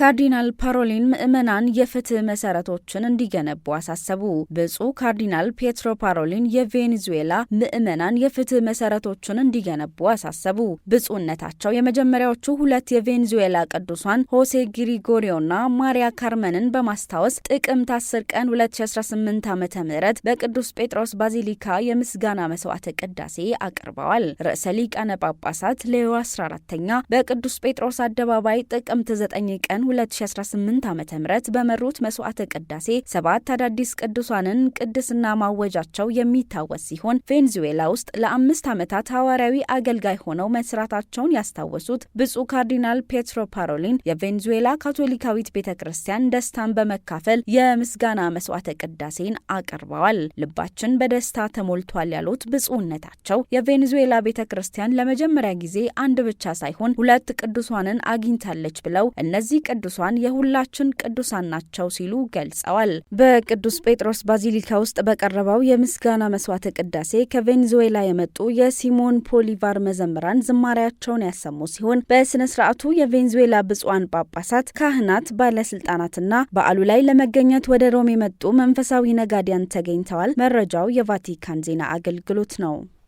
ካርዲናል ፓሮሊን ምዕመናን የፍትህ መሰረቶችን እንዲገነቡ አሳሰቡ። ብፁዕ ካርዲናል ፔትሮ ፓሮሊን የቬኔዙዌላ ምዕመናን የፍትህ መሰረቶችን እንዲገነቡ አሳሰቡ። ብፁዕነታቸው የመጀመሪያዎቹ ሁለት የቬኔዙዌላ ቅዱሳን ሆሴ ግሪጎሪዮና ማሪያ ካርመንን በማስታወስ ጥቅምት 10 ቀን 2018 ዓ ም በቅዱስ ጴጥሮስ ባዚሊካ የምስጋና መስዋዕተ ቅዳሴ አቅርበዋል። ርዕሰ ሊቃነ ጳጳሳት ሌዮ 14ኛ በቅዱስ ጴጥሮስ አደባባይ ጥቅምት 9 ቀን 2018 ዓ ም በመሩት መስዋዕተ ቅዳሴ ሰባት አዳዲስ ቅዱሳንን ቅድስና ማወጃቸው የሚታወስ ሲሆን ቬንዙዌላ ውስጥ ለአምስት ዓመታት ሐዋርያዊ አገልጋይ ሆነው መስራታቸውን ያስታወሱት ብፁዕ ካርዲናል ፔትሮ ፓሮሊን የቬንዙዌላ ካቶሊካዊት ቤተ ክርስቲያን ደስታን በመካፈል የምስጋና መስዋዕተ ቅዳሴን አቅርበዋል። ልባችን በደስታ ተሞልቷል ያሉት ብፁዕነታቸው የቬንዙዌላ ቤተ ክርስቲያን ለመጀመሪያ ጊዜ አንድ ብቻ ሳይሆን ሁለት ቅዱሳንን አግኝታለች ብለው እነዚህ ቅዱሳን የሁላችን ቅዱሳን ናቸው ሲሉ ገልጸዋል። በቅዱስ ጴጥሮስ ባዚሊካ ውስጥ በቀረበው የምስጋና መስዋዕተ ቅዳሴ ከቬንዙዌላ የመጡ የሲሞን ፖሊቫር መዘምራን ዝማሪያቸውን ያሰሙ ሲሆን በስነ ስርዓቱ የቬንዙዌላ ብፁዓን ጳጳሳት፣ ካህናት፣ ባለስልጣናትና በዓሉ ላይ ለመገኘት ወደ ሮም የመጡ መንፈሳዊ ነጋዴያን ተገኝተዋል። መረጃው የቫቲካን ዜና አገልግሎት ነው።